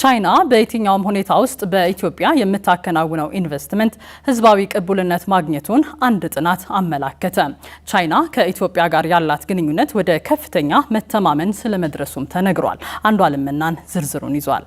ቻይና በየትኛውም ሁኔታ ውስጥ በኢትዮጵያ የምታከናውነው ኢንቨስትመንት ህዝባዊ ቅቡልነት ማግኘቱን አንድ ጥናት አመላከተ። ቻይና ከኢትዮጵያ ጋር ያላት ግንኙነት ወደ ከፍተኛ መተማመን ስለመድረሱም ተነግሯል። አንዷ ልምናን ዝርዝሩን ይዟል።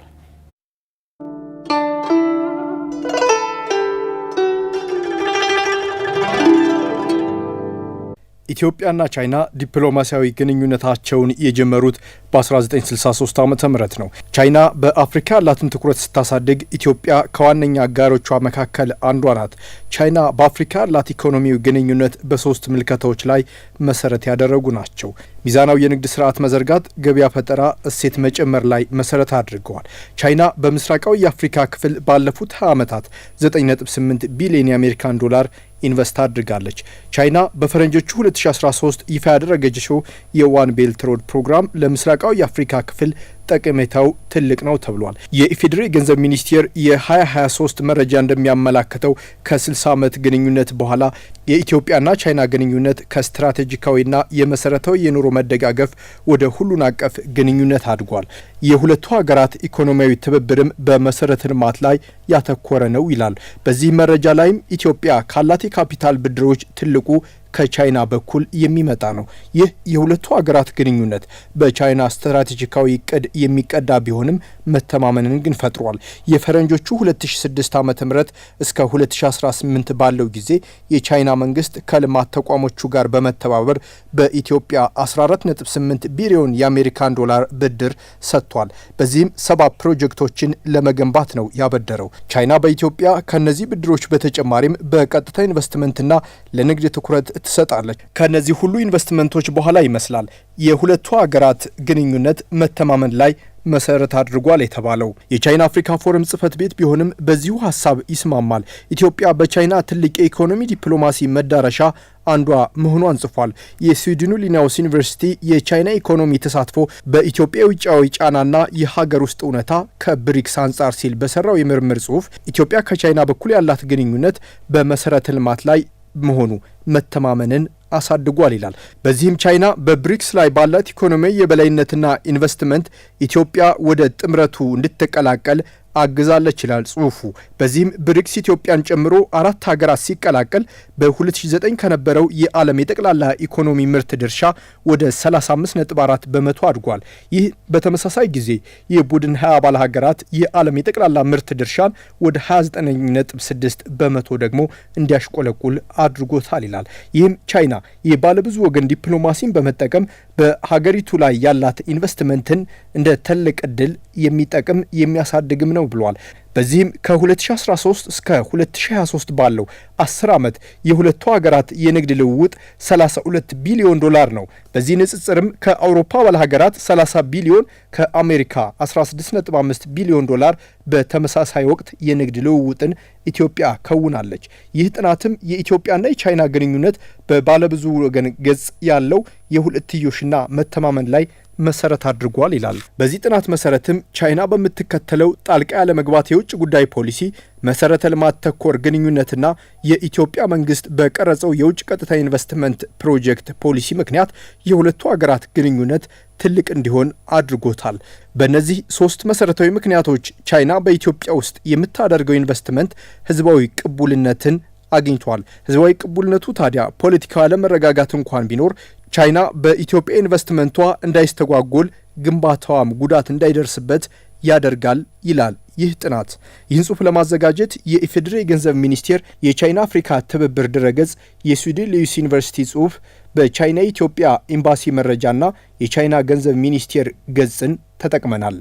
ኢትዮጵያና ቻይና ዲፕሎማሲያዊ ግንኙነታቸውን የጀመሩት በ1963 ዓ ም ነው። ቻይና በአፍሪካ ያላትን ትኩረት ስታሳድግ ኢትዮጵያ ከዋነኛ አጋሮቿ መካከል አንዷ ናት። ቻይና በአፍሪካ ያላት ኢኮኖሚው ግንኙነት በሶስት ምልከታዎች ላይ መሰረት ያደረጉ ናቸው። ሚዛናዊ የንግድ ስርዓት መዘርጋት፣ ገበያ ፈጠራ፣ እሴት መጨመር ላይ መሰረት አድርገዋል። ቻይና በምስራቃዊ የአፍሪካ ክፍል ባለፉት 20 ዓመታት 9.8 ቢሊዮን የአሜሪካን ዶላር ኢንቨስት አድርጋለች። ቻይና በፈረንጆቹ 2013 ይፋ ያደረገችው የዋን ቤልት ሮድ ፕሮግራም ለምስራቃዊ የአፍሪካ ክፍል ጠቀሜታው ትልቅ ነው ተብሏል። የኢፌዴሪ ገንዘብ ሚኒስቴር የ2023 መረጃ እንደሚያመላክተው ከ60 ዓመት ግንኙነት በኋላ የኢትዮጵያና ቻይና ግንኙነት ከስትራቴጂካዊና የመሰረታዊ የኑሮ መደጋገፍ ወደ ሁሉን አቀፍ ግንኙነት አድጓል። የሁለቱ ሀገራት ኢኮኖሚያዊ ትብብርም በመሰረተ ልማት ላይ ያተኮረ ነው ይላል። በዚህ መረጃ ላይም ኢትዮጵያ ካላት የካፒታል ብድሮች ትልቁ ከቻይና በኩል የሚመጣ ነው። ይህ የሁለቱ ሀገራት ግንኙነት በቻይና ስትራቴጂካዊ እቅድ የሚቀዳ ቢሆንም መተማመንን ግን ፈጥሯል። የፈረንጆቹ 2006 ዓ ም እስከ 2018 ባለው ጊዜ የቻይና መንግስት ከልማት ተቋሞቹ ጋር በመተባበር በኢትዮጵያ 148 ቢሊዮን የአሜሪካን ዶላር ብድር ሰጥቷል። በዚህም ሰባ ፕሮጀክቶችን ለመገንባት ነው ያበደረው። ቻይና በኢትዮጵያ ከእነዚህ ብድሮች በተጨማሪም በቀጥታ ኢንቨስትመንትና ለንግድ ትኩረት ትሰጣለች። ከእነዚህ ሁሉ ኢንቨስትመንቶች በኋላ ይመስላል የሁለቱ ሀገራት ግንኙነት መተማመን ላይ መሰረት አድርጓል የተባለው የቻይና አፍሪካ ፎረም ጽህፈት ቤት ቢሆንም በዚሁ ሀሳብ ይስማማል። ኢትዮጵያ በቻይና ትልቅ የኢኮኖሚ ዲፕሎማሲ መዳረሻ አንዷ መሆኗን ጽፏል። የስዊድኑ ሊናውስ ዩኒቨርሲቲ የቻይና ኢኮኖሚ ተሳትፎ በኢትዮጵያ ውጫዊ ጫናና የሀገር ውስጥ እውነታ ከብሪክስ አንጻር ሲል በሰራው የምርምር ጽሁፍ ኢትዮጵያ ከቻይና በኩል ያላት ግንኙነት በመሰረተ ልማት ላይ መሆኑ መተማመንን አሳድጓል ይላል። በዚህም ቻይና በብሪክስ ላይ ባላት ኢኮኖሚ የበላይነትና ኢንቨስትመንት ኢትዮጵያ ወደ ጥምረቱ እንድትቀላቀል አግዛለች ይላል ጽሁፉ። በዚህም ብሪክስ ኢትዮጵያን ጨምሮ አራት ሀገራት ሲቀላቀል በ2009 ከነበረው የዓለም የጠቅላላ ኢኮኖሚ ምርት ድርሻ ወደ 35.4 በመቶ አድጓል። ይህ በተመሳሳይ ጊዜ የቡድን 20 አባል ሀገራት የዓለም የጠቅላላ ምርት ድርሻን ወደ 29.6 በመቶ ደግሞ እንዲያሽቆለቁል አድርጎታል ይላል። ይህም ቻይና የባለብዙ ወገን ዲፕሎማሲን በመጠቀም በሀገሪቱ ላይ ያላት ኢንቨስትመንትን እንደ ትልቅ እድል የሚጠቅም የሚያሳድግም ነው ነው ብሏል። በዚህም ከ2013 እስከ 2023 ባለው 10 ዓመት የሁለቱ ሀገራት የንግድ ልውውጥ 32 ቢሊዮን ዶላር ነው። በዚህ ንጽጽርም ከአውሮፓ አባል ሀገራት 30 ቢሊዮን፣ ከአሜሪካ 165 ቢሊዮን ዶላር በተመሳሳይ ወቅት የንግድ ልውውጥን ኢትዮጵያ ከውናለች። ይህ ጥናትም የኢትዮጵያና የቻይና ግንኙነት በባለብዙ ወገን ገጽ ያለው የሁለትዮሽና መተማመን ላይ መሰረት አድርጓል ይላል። በዚህ ጥናት መሰረትም ቻይና በምትከተለው ጣልቃ ያለመግባት የውጭ ጉዳይ ፖሊሲ መሰረተ ልማት ተኮር ግንኙነትና የኢትዮጵያ መንግስት በቀረጸው የውጭ ቀጥታ ኢንቨስትመንት ፕሮጀክት ፖሊሲ ምክንያት የሁለቱ ሀገራት ግንኙነት ትልቅ እንዲሆን አድርጎታል። በእነዚህ ሶስት መሰረታዊ ምክንያቶች ቻይና በኢትዮጵያ ውስጥ የምታደርገው ኢንቨስትመንት ህዝባዊ ቅቡልነትን አግኝቷል። ህዝባዊ ቅቡልነቱ ታዲያ ፖለቲካዊ አለመረጋጋት እንኳን ቢኖር ቻይና በኢትዮጵያ ኢንቨስትመንቷ እንዳይስተጓጎል ግንባታዋም ጉዳት እንዳይደርስበት ያደርጋል ይላል ይህ ጥናት። ይህን ጽሑፍ ለማዘጋጀት የኢፌዴሪ የገንዘብ ሚኒስቴር የቻይና አፍሪካ ትብብር ድረገጽ፣ የስዊድን ልዩስ ዩኒቨርሲቲ ጽሑፍ፣ በቻይና የኢትዮጵያ ኤምባሲ መረጃና የቻይና ገንዘብ ሚኒስቴር ገጽን ተጠቅመናል።